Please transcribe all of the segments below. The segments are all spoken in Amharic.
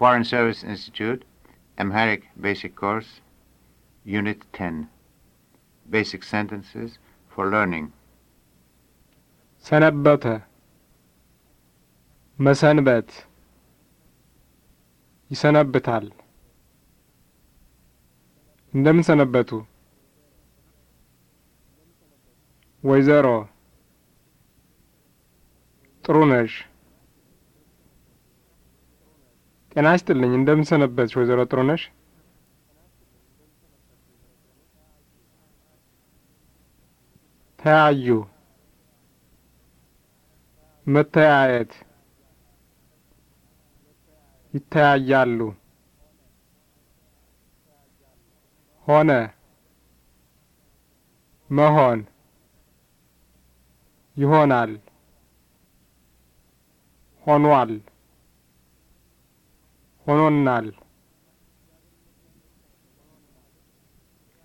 Foreign Service Institute, Amharic Basic Course, Unit 10. Basic Sentences for Learning. Sanabata. Masanbet. Isanabetal. Ndem Sanabetu. Wazero. ጥሩ ጤና ይስጥልኝ። እንደምን ሰነበትሽ ወይዘሮ ጥሩነሽ? ተያዩ፣ መተያየት፣ ይተያያሉ፣ ሆነ፣ መሆን፣ ይሆናል፣ ሆኗል ሆኖናል።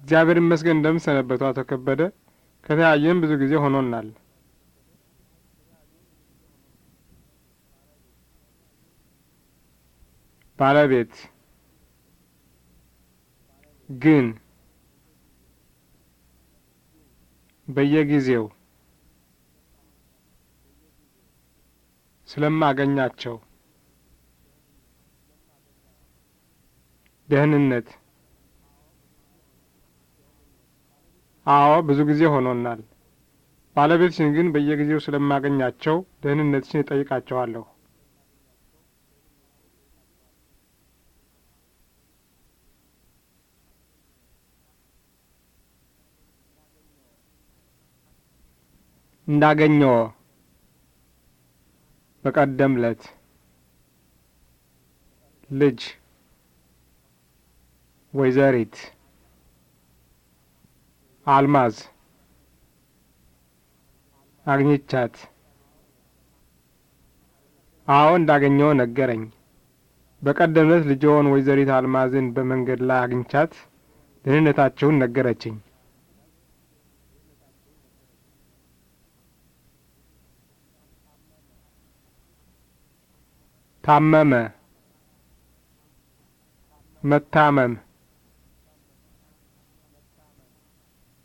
እግዚአብሔር ይመስገን። እንደምን ሰነበቱ አቶ ከበደ? ከተያየን ብዙ ጊዜ ሆኖናል። ባለቤት ግን በየጊዜው ስለማገኛቸው ደህንነት አዎ ብዙ ጊዜ ሆኖናል። ባለቤትሽን ግን በየጊዜው ስለማገኛቸው ደህንነትሽን እጠይቃቸዋለሁ። እንዳገኘው በቀደም ለት ልጅ ወይዘሪት አልማዝ አግኝቻት አዎ እንዳገኘው ነገረኝ። በቀደም ዕለት ልጅዎን ወይዘሪት አልማዝን በመንገድ ላይ አግኝቻት ደህንነታቸውን ነገረችኝ። ታመመ መታመም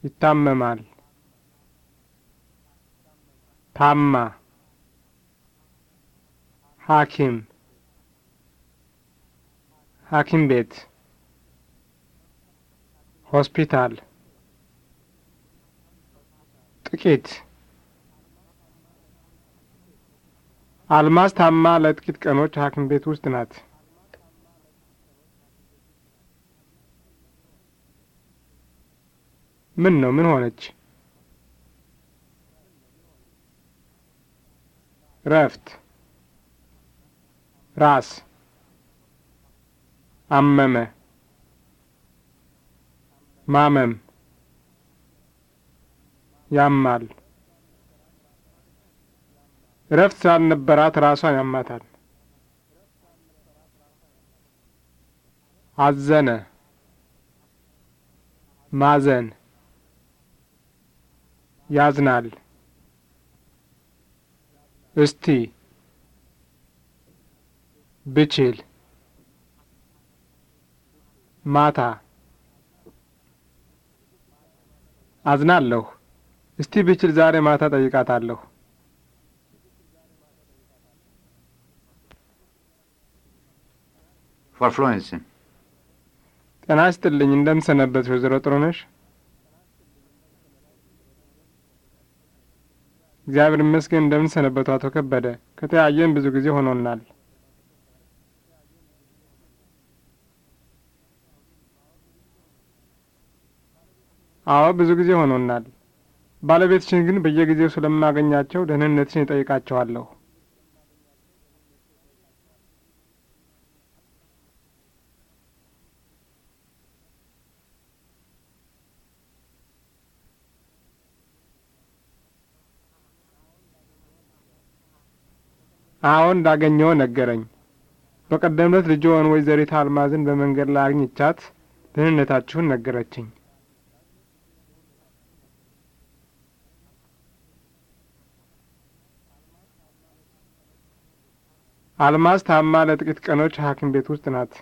ይታመማል። ታማ ሐኪም ሐኪም ቤት ሆስፒታል ጥቂት አልማዝ ታማ ለጥቂት ቀኖች ሐኪም ቤት ውስጥ ናት። ምን ነው? ምን ሆነች? ረፍት ራስ አመመ ማመም ያማል። እረፍት ስላልነበራት ራሷን ያማታል። አዘነ ማዘን ያዝናል። እስቲ ብችል ማታ አዝናለሁ። እስቲ ብችል ዛሬ ማታ ጠይቃታለሁ። ጤና ይስጥልኝ። እንደምን ሰነበትሽ ወይዘሮ ጥሩነሽ? እግዚአብሔር ይመስገን። እንደምን ሰነበቱ አቶ ከበደ? ከተያየን ብዙ ጊዜ ሆኖናል። አዎ ብዙ ጊዜ ሆኖናል። ባለቤትሽን ግን በየጊዜው ስለማገኛቸው ደህንነትሽን እጠይቃቸዋለሁ። አዎን፣ እንዳገኘው ነገረኝ። በቀደም ዕለት ልጅዎን ወይዘሪት አልማዝን በመንገድ ላይ አግኝቻት ደህንነታችሁን ነገረችኝ። አልማዝ ታማ ለጥቂት ቀኖች ሐኪም ቤት ውስጥ ናት።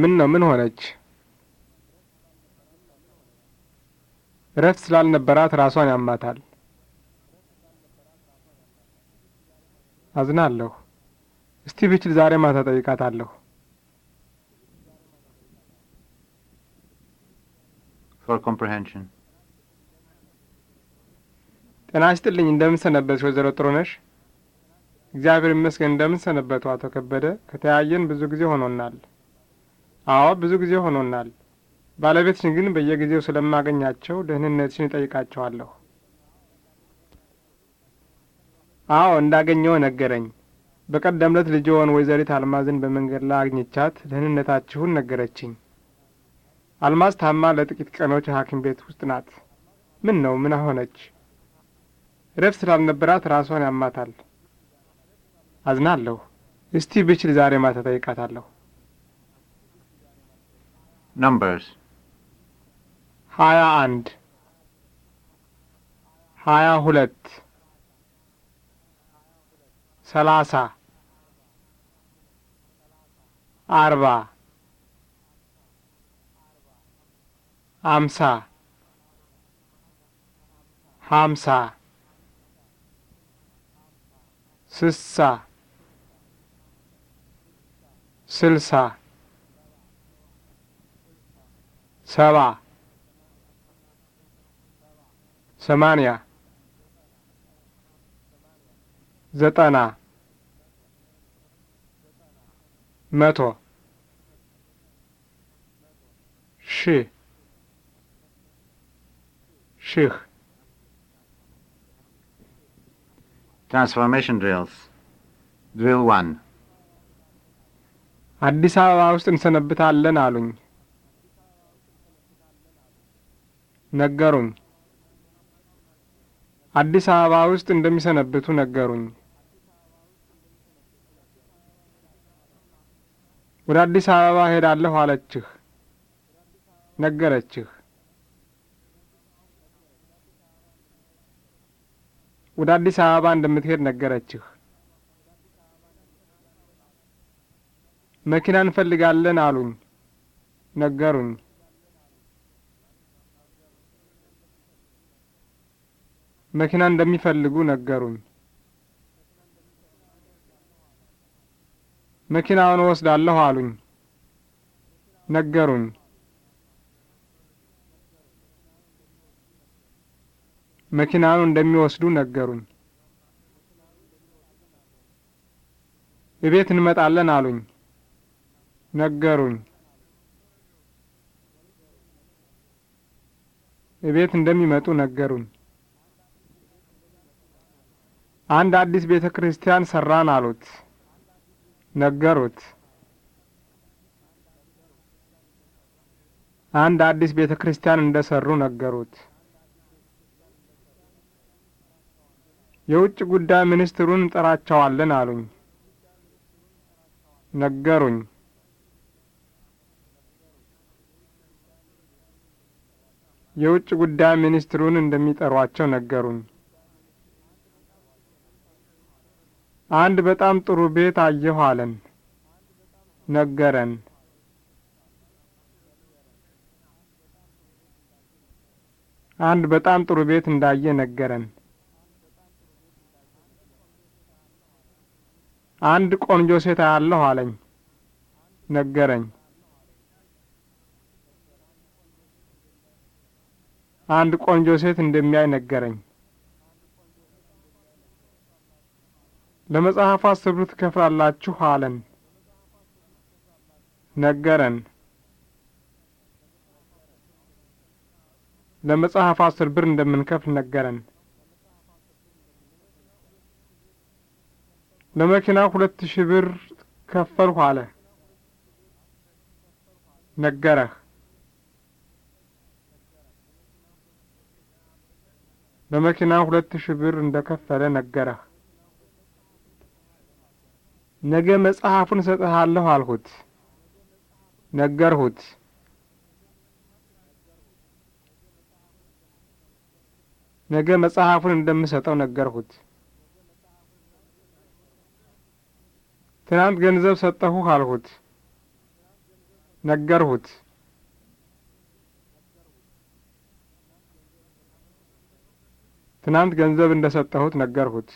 ምን ነው ምን ሆነች? እረፍት ስላልነበራት ራሷን ያማታል። አዝናለሁ። እስቲ ብችል ዛሬ ማታ ጠይቃታለሁ። ጤና ይስጥልኝ። እንደምን ሰነበትሽ ወይዘሮ ጥሩነሽ? እግዚአብሔር ይመስገን። እንደምን ሰነበቱ አቶ ከበደ? ከተያየን ብዙ ጊዜ ሆኖናል። አዎ ብዙ ጊዜ ሆኖናል። ባለቤትሽን ግን በየጊዜው ስለማገኛቸው ደህንነትሽን እጠይቃቸዋለሁ። አዎ እንዳገኘው ነገረኝ። በቀደም ዕለት ልጅዎን ወይዘሪት አልማዝን በመንገድ ላይ አግኝቻት ደህንነታችሁን ነገረችኝ። አልማዝ ታማ ለጥቂት ቀኖች ሐኪም ቤት ውስጥ ናት። ምን ነው? ምን ሆነች? ረፍት ስላልነበራት ራሷን ያማታል። አዝናለሁ። እስቲ ብችል ዛሬ ማታ ጠይቃታለሁ። Numbers ሀያ አንድ ሀያ ሁለት ሰላሳ አርባ አምሳ ሀምሳ ስሳ ስልሳ ሰባ ሰማንያ ዘጠና መቶ ሺህ ሺህ ትራንስፎርሜሽን ድሪልስ ድሪል ዋን አዲስ አበባ ውስጥ እንሰነብታለን አሉኝ ነገሩኝ። አዲስ አበባ ውስጥ እንደሚሰነብቱ ነገሩኝ። ወደ አዲስ አበባ ሄዳለሁ አለችህ ነገረችህ። ወደ አዲስ አበባ እንደምትሄድ ነገረችህ። መኪና እንፈልጋለን አሉኝ ነገሩኝ። መኪና እንደሚፈልጉ ነገሩኝ። መኪናውን እወስዳለሁ አሉኝ ነገሩኝ። መኪናውን እንደሚወስዱ ነገሩኝ። እቤት እንመጣለን አሉኝ ነገሩኝ። እቤት እንደሚመጡ ነገሩኝ። አንድ አዲስ ቤተ ክርስቲያን ሰራን አሉት። ነገሩት። አንድ አዲስ ቤተ ክርስቲያን እንደ ሰሩ ነገሩት። የውጭ ጉዳይ ሚኒስትሩን እንጠራቸዋለን አሉኝ። ነገሩኝ። የውጭ ጉዳይ ሚኒስትሩን እንደሚጠሯቸው ነገሩኝ። አንድ በጣም ጥሩ ቤት አየሁ አለን። ነገረን። አንድ በጣም ጥሩ ቤት እንዳየ ነገረን። አንድ ቆንጆ ሴት አያለሁ አለኝ። ነገረኝ። አንድ ቆንጆ ሴት እንደሚያይ ነገረኝ። ለመጽሐፉ አስር ብር ትከፍላላችሁ አለን። ነገረን። ለመጽሐፉ አስር ብር እንደምንከፍል ነገረን። ለመኪና ሁለት ሺህ ብር ከፈልሁ አለ። ነገረህ። ለመኪና ሁለት ሺህ ብር እንደ ከፈለ ነገረህ። ነገ መጽሐፉን እሰጥሃለሁ አልሁት። ነገርሁት። ነገ መጽሐፉን እንደምሰጠው ነገርሁት። ትናንት ገንዘብ ሰጠሁህ አልሁት። ነገርሁት። ትናንት ገንዘብ እንደ ሰጠሁት ነገርሁት።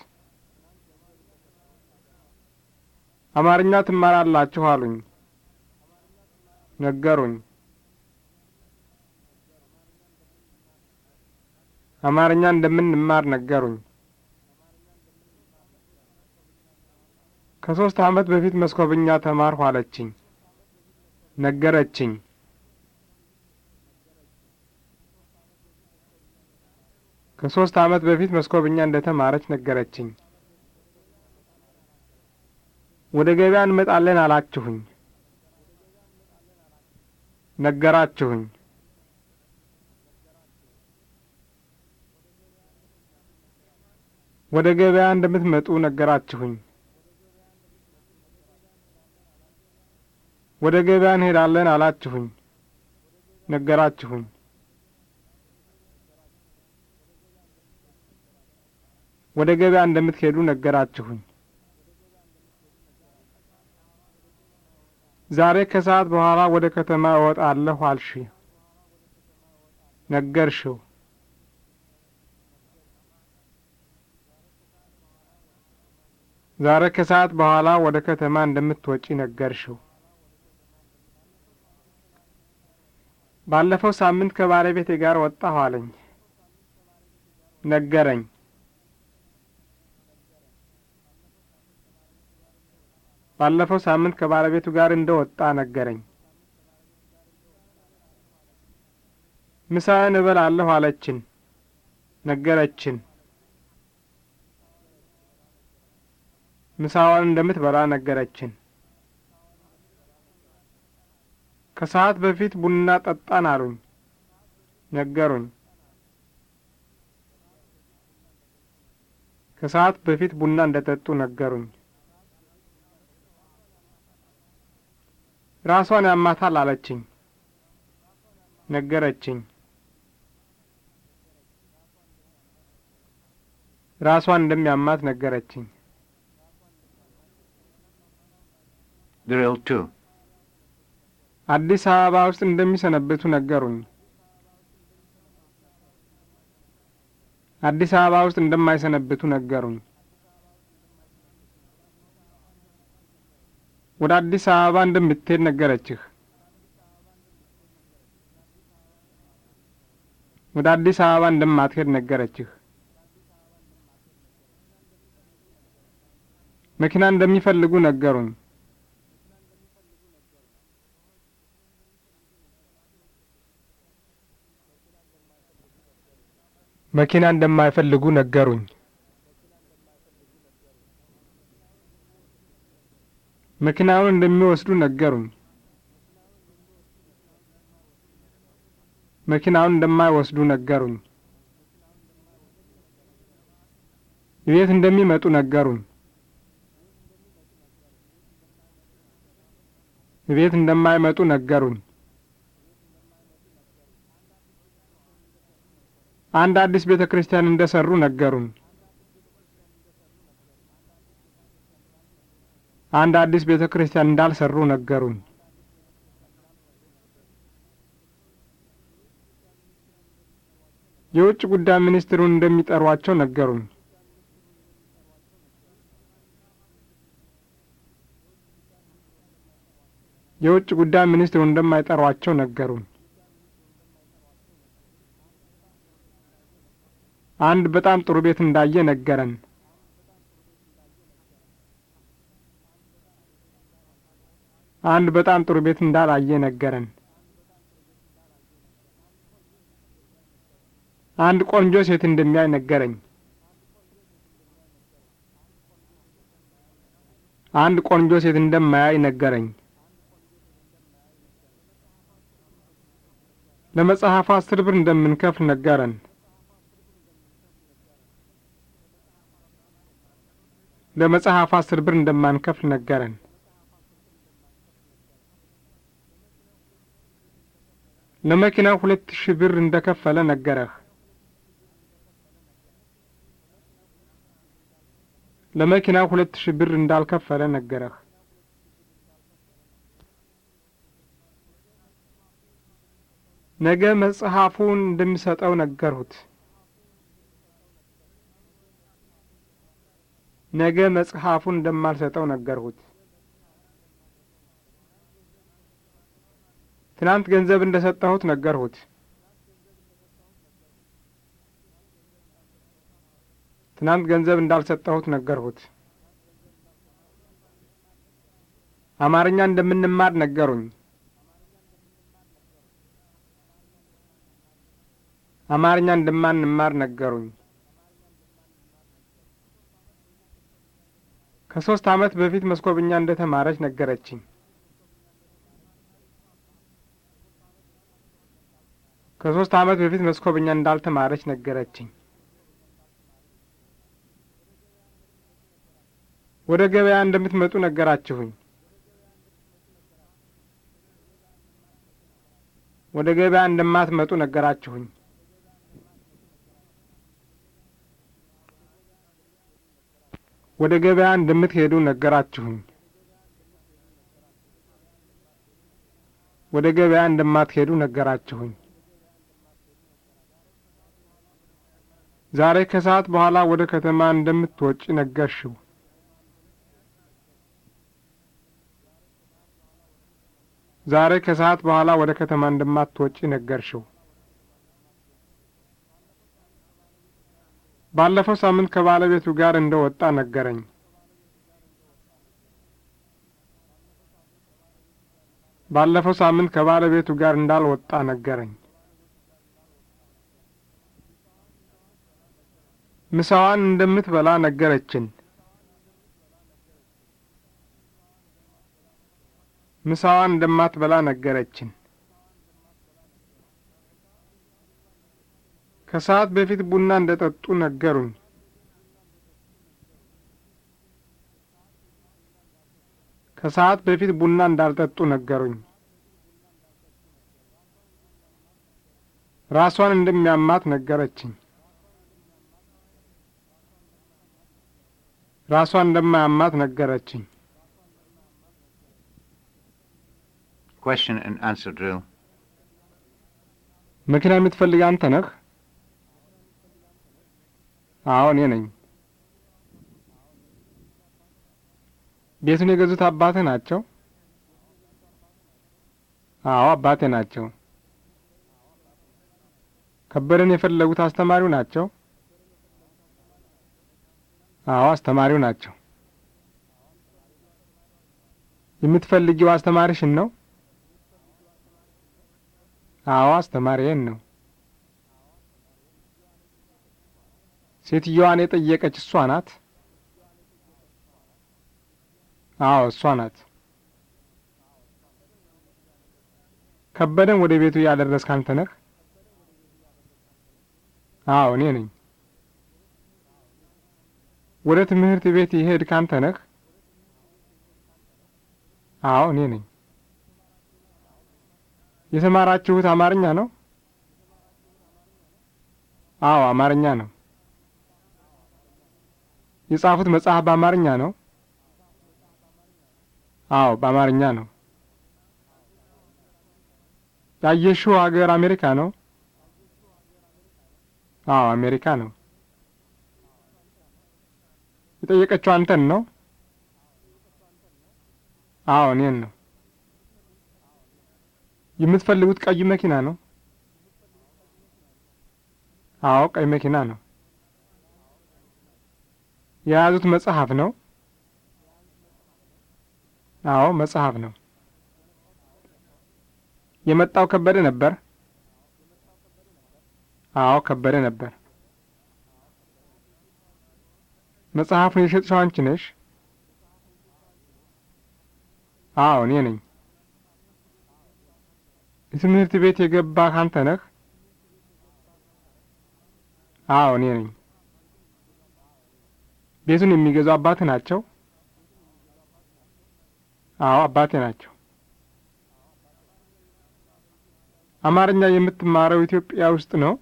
አማርኛ ትማራላችሁ አሉኝ። ነገሩኝ። አማርኛ እንደምንማር ነገሩኝ። ከሶስት ዓመት በፊት መስኮብኛ ተማርሁ አለችኝ። ነገረችኝ። ከሶስት ዓመት በፊት መስኮብኛ እንደተማረች ነገረችኝ። ወደ ገበያ እንመጣለን አላችሁኝ። ነገራችሁኝ። ወደ ገበያ እንደምትመጡ ነገራችሁኝ። ወደ ገበያ እንሄዳለን አላችሁኝ። ነገራችሁኝ። ወደ ገበያ እንደምትሄዱ ነገራችሁኝ። ዛሬ ከሰዓት በኋላ ወደ ከተማ እወጣለሁ አልሽ። ነገርሽው። ዛሬ ከሰዓት በኋላ ወደ ከተማ እንደምትወጪ ነገርሽው። ባለፈው ሳምንት ከባለቤቴ ጋር ወጣሁ አለኝ። ነገረኝ። ባለፈው ሳምንት ከባለቤቱ ጋር እንደ ወጣ ነገረኝ። ምሳዬን እበላለሁ አለችን ነገረችን። ምሳዋን እንደምትበላ ነገረችን። ከሰዓት በፊት ቡና ጠጣን አሉኝ ነገሩኝ። ከሰዓት በፊት ቡና እንደ ጠጡ ነገሩኝ። ራሷን ያማታል አለችኝ። ነገረችኝ። ራሷን እንደሚያማት ነገረችኝ። ድሪል ቱ አዲስ አበባ ውስጥ እንደሚሰነብቱ ነገሩኝ። አዲስ አበባ ውስጥ እንደማይሰነብቱ ነገሩኝ። ወደ አዲስ አበባ እንደምትሄድ ነገረችህ። ወደ አዲስ አበባ እንደማትሄድ ነገረችህ። መኪና እንደሚፈልጉ ነገሩኝ። መኪና እንደማይፈልጉ ነገሩኝ። መኪናውን እንደሚወስዱ ነገሩኝ። መኪናውን እንደማይወስዱ ነገሩኝ። ቤት እንደሚመጡ ነገሩኝ። ቤት እንደማይመጡ ነገሩኝ። አንድ አዲስ ቤተ ክርስቲያን እንደሰሩ ነገሩኝ። አንድ አዲስ ቤተ ክርስቲያን እንዳልሰሩ ነገሩኝ። የውጭ ጉዳይ ሚኒስትሩን እንደሚጠሯቸው ነገሩኝ። የውጭ ጉዳይ ሚኒስትሩ እንደማይጠሯቸው ነገሩኝ። አንድ በጣም ጥሩ ቤት እንዳየ ነገረን። አንድ በጣም ጥሩ ቤት እንዳላየ ነገረን። አንድ ቆንጆ ሴት እንደሚያይ ነገረኝ። አንድ ቆንጆ ሴት እንደማያይ ነገረኝ። ለመጽሐፉ አስር ብር እንደምንከፍል ነገረን። ለመጽሐፉ አስር ብር እንደማንከፍል ነገረን። ለመኪና ሁለት ሺህ ብር እንደከፈለ ነገረህ። ለመኪና ሁለት ሺህ ብር እንዳልከፈለ ነገረህ። ነገ መጽሐፉን እንደሚሰጠው ነገርሁት። ነገ መጽሐፉን እንደማልሰጠው ነገርሁት። ትናንት ገንዘብ እንደ ሰጠሁት ነገርሁት። ትናንት ገንዘብ እንዳልሰጠሁት ነገርሁት። አማርኛ እንደምንማር ነገሩኝ። አማርኛ እንደማንማር ነገሩኝ። ከሶስት ዓመት በፊት መስኮብኛ እንደተማረች ነገረችኝ። ከሶስት ዓመት በፊት መስኮብኛ እንዳልተማረች ነገረችኝ። ወደ ገበያ እንደምትመጡ ነገራችሁኝ። ወደ ገበያ እንደማትመጡ ነገራችሁኝ። ወደ ገበያ እንደምትሄዱ ነገራችሁኝ። ወደ ገበያ እንደማትሄዱ ነገራችሁኝ። ዛሬ ከሰዓት በኋላ ወደ ከተማ እንደምትወጪ ነገርሽው። ዛሬ ከሰዓት በኋላ ወደ ከተማ እንደማትወጪ ነገርሽው። ባለፈው ሳምንት ከባለቤቱ ጋር እንደ ወጣ ነገረኝ። ባለፈው ሳምንት ከባለቤቱ ጋር እንዳልወጣ ነገረኝ። ምሳዋን እንደምትበላ ነገረችን። ምሳዋን እንደማትበላ ነገረችን። ከሰዓት በፊት ቡና እንደ ጠጡ ነገሩኝ። ከሰዓት በፊት ቡና እንዳልጠጡ ነገሩኝ። ራሷን እንደሚያማት ነገረችኝ። ራሷ እንደማያማት ነገረችኝ። መኪና የምትፈልግ አንተ ነህ? አዎ እኔ ነኝ። ቤቱን የገዙት አባትህ ናቸው? አዎ አባቴ ናቸው። ከበደን የፈለጉት አስተማሪው ናቸው? አዎ፣ አስተማሪው ናቸው። የምትፈልጊው አስተማሪሽን ነው? አዎ፣ አስተማሪዬን ነው። ሴትዮዋን የጠየቀች እሷ ናት? አዎ፣ እሷ ናት። ከበደን ወደ ቤቱ ያደረስክ አንተ ነህ? አዎ፣ እኔ ነኝ። ወደ ትምህርት ቤት ይሄድ ካንተ ነህ? አዎ እኔ ነኝ። የተማራችሁት አማርኛ ነው? አዎ አማርኛ ነው። የጻፉት መጽሐፍ በአማርኛ ነው? አዎ በአማርኛ ነው። ያየሽው አገር አሜሪካ ነው? አዎ አሜሪካ ነው። የጠየቀችው አንተን ነው? አዎ እኔን ነው። የምትፈልጉት ቀይ መኪና ነው? አዎ ቀይ መኪና ነው። የያዙት መጽሐፍ ነው? አዎ መጽሐፍ ነው። የመጣው ከበደ ነበር? አዎ ከበደ ነበር። መጽሐፉን የሸጥሽው አንቺ ነሽ? አዎ እኔ ነኝ። የትምህርት ቤት የገባህ አንተ ነህ? አዎ እኔ ነኝ። ቤቱን የሚገዛው አባትህ ናቸው? አዎ አባቴ ናቸው። አማርኛ የምትማረው ኢትዮጵያ ውስጥ ነው?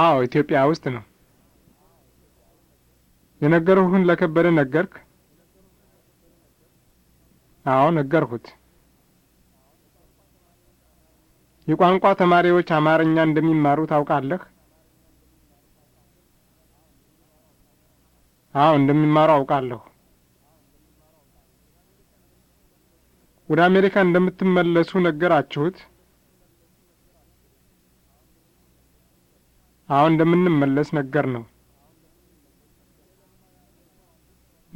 አዎ ኢትዮጵያ ውስጥ ነው። የነገርሁህን ለከበደ ነገርክ? አዎ ነገርሁት። የቋንቋ ተማሪዎች አማርኛ እንደሚማሩ ታውቃለህ? አዎ እንደሚማሩ አውቃለሁ። ወደ አሜሪካ እንደምትመለሱ ነገራችሁት? አሁን እንደምንመለስ ነገር ነው።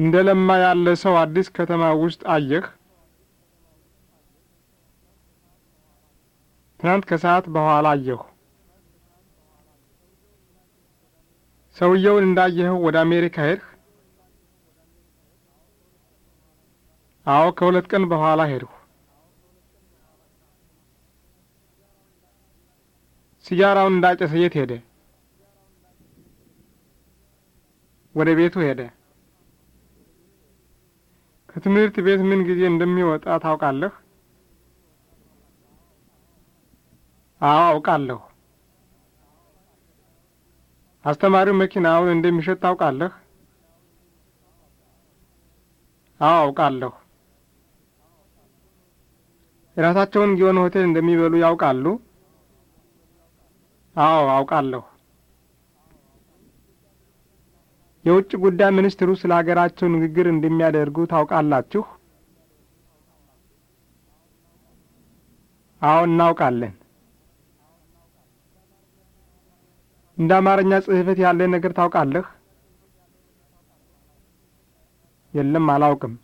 እንደ ለማ ያለ ሰው አዲስ ከተማ ውስጥ አየህ? ትናንት ከሰዓት በኋላ አየሁ። ሰውየውን እንዳየኸው ወደ አሜሪካ ሄድህ? አዎ፣ ከሁለት ቀን በኋላ ሄድሁ። ሲጋራውን እንዳጨሰ የት ሄደ? ወደ ቤቱ ሄደ። ከትምህርት ቤት ምን ጊዜ እንደሚወጣ ታውቃለህ? አዎ አውቃለሁ። አስተማሪው መኪናውን እንደሚሸጥ ታውቃለህ? አዎ አውቃለሁ። የራሳቸውን ጊዮን ሆቴል እንደሚበሉ ያውቃሉ? አዎ አውቃለሁ። የውጭ ጉዳይ ሚኒስትሩ ስለ አገራቸው ንግግር እንደሚያደርጉ ታውቃላችሁ? አዎ እናውቃለን። እንደ አማርኛ ጽሕፈት ያለ ነገር ታውቃለህ? የለም አላውቅም።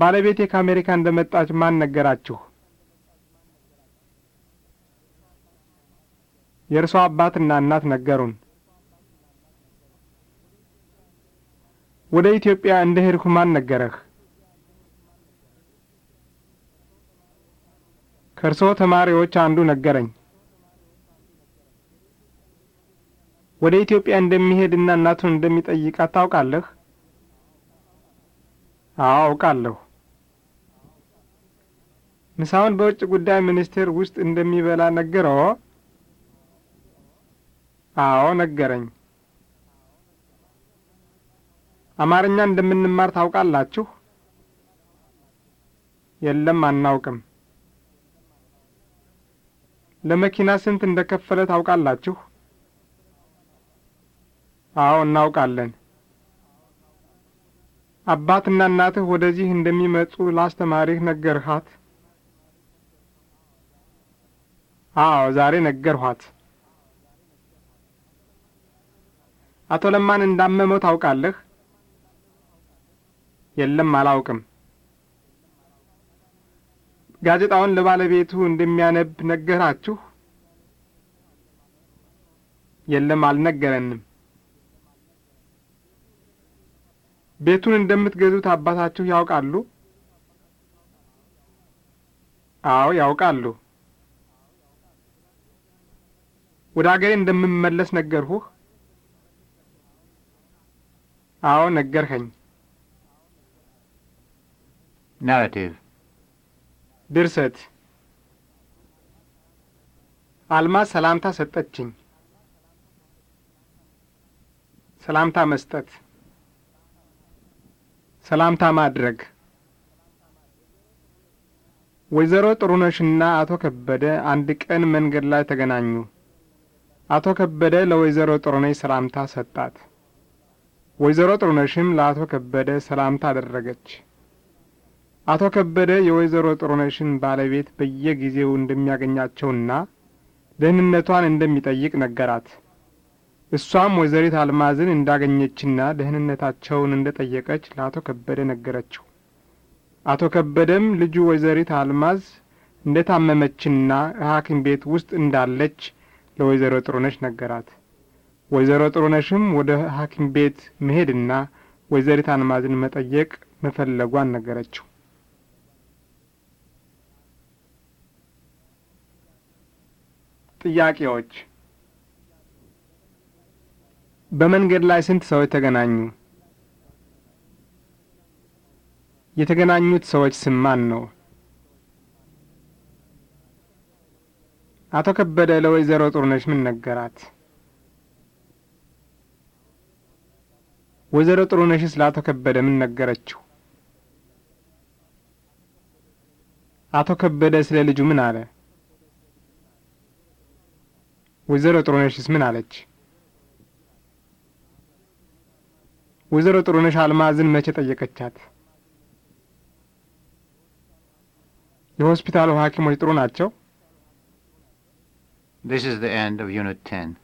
ባለቤቴ ከአሜሪካ እንደመጣች ማን ነገራችሁ? የእርሶ አባትና እናት ነገሩን። ወደ ኢትዮጵያ እንደ ሄድሁ ማን ነገረህ? ከእርስዎ ተማሪዎች አንዱ ነገረኝ። ወደ ኢትዮጵያ እንደሚሄድና እናቱን እንደሚጠይቃት ታውቃለህ? አዎ አውቃለሁ። ምሳውን በውጭ ጉዳይ ሚኒስቴር ውስጥ እንደሚበላ ነገረዎ? አዎ ነገረኝ። አማርኛ እንደምንማር ታውቃላችሁ? የለም አናውቅም። ለመኪና ስንት እንደከፈለ ታውቃላችሁ? አዎ እናውቃለን። አባትና እናትህ ወደዚህ እንደሚመጡ ላስተማሪህ ነገርሃት? አዎ ዛሬ ነገርኋት። አቶ ለማን እንዳመመው ታውቃለህ? የለም አላውቅም። ጋዜጣውን ለባለቤቱ እንደሚያነብ ነገራችሁ? የለም አልነገረንም። ቤቱን እንደምትገዙት አባታችሁ ያውቃሉ? አዎ ያውቃሉ። ወደ አገሬ እንደምመለስ ነገርሁህ? አዎ ነገርኸኝ። ናራቲቭ ድርሰት። አልማዝ ሰላምታ ሰጠችኝ። ሰላምታ መስጠት፣ ሰላምታ ማድረግ። ወይዘሮ ጥሩነሽና አቶ ከበደ አንድ ቀን መንገድ ላይ ተገናኙ። አቶ ከበደ ለወይዘሮ ጥሩነሽ ሰላምታ ሰጣት። ወይዘሮ ጥሩነሽም ለአቶ ከበደ ሰላምታ አደረገች። አቶ ከበደ የወይዘሮ ጥሩነሽን ባለቤት በየጊዜው እንደሚያገኛቸውና ደህንነቷን እንደሚጠይቅ ነገራት። እሷም ወይዘሪት አልማዝን እንዳገኘችና ደህንነታቸውን እንደ ጠየቀች ለአቶ ከበደ ነገረችው። አቶ ከበደም ልጁ ወይዘሪት አልማዝ እንደ ታመመችና ሐኪም ቤት ውስጥ እንዳለች ለወይዘሮ ጥሩነሽ ነገራት። ወይዘሮ ጥሩነሽም ወደ ሐኪም ቤት መሄድና ወይዘሪት አልማዝን መጠየቅ መፈለጓን ነገረችው። ጥያቄዎች በመንገድ ላይ ስንት ሰዎች ተገናኙ? የተገናኙት ሰዎች ስም ማን ነው? አቶ ከበደ ለወይዘሮ ጥሩነሽ ምን ነገራት? ወይዘሮ ጥሩ ነሽ ከበደ ምን ነገረችው? አቶ ከበደ ስለ ልጁ ምን አለ? ወይዘሮ ጥሩነሽስ ምን አለች? ወይዘሮ ጥሩነሽ አልማዝን መቼ ጠየቀቻት? የሆስፒታሉ ሐኪሞች ጥሩ ናቸው? This is the end of Unit 10.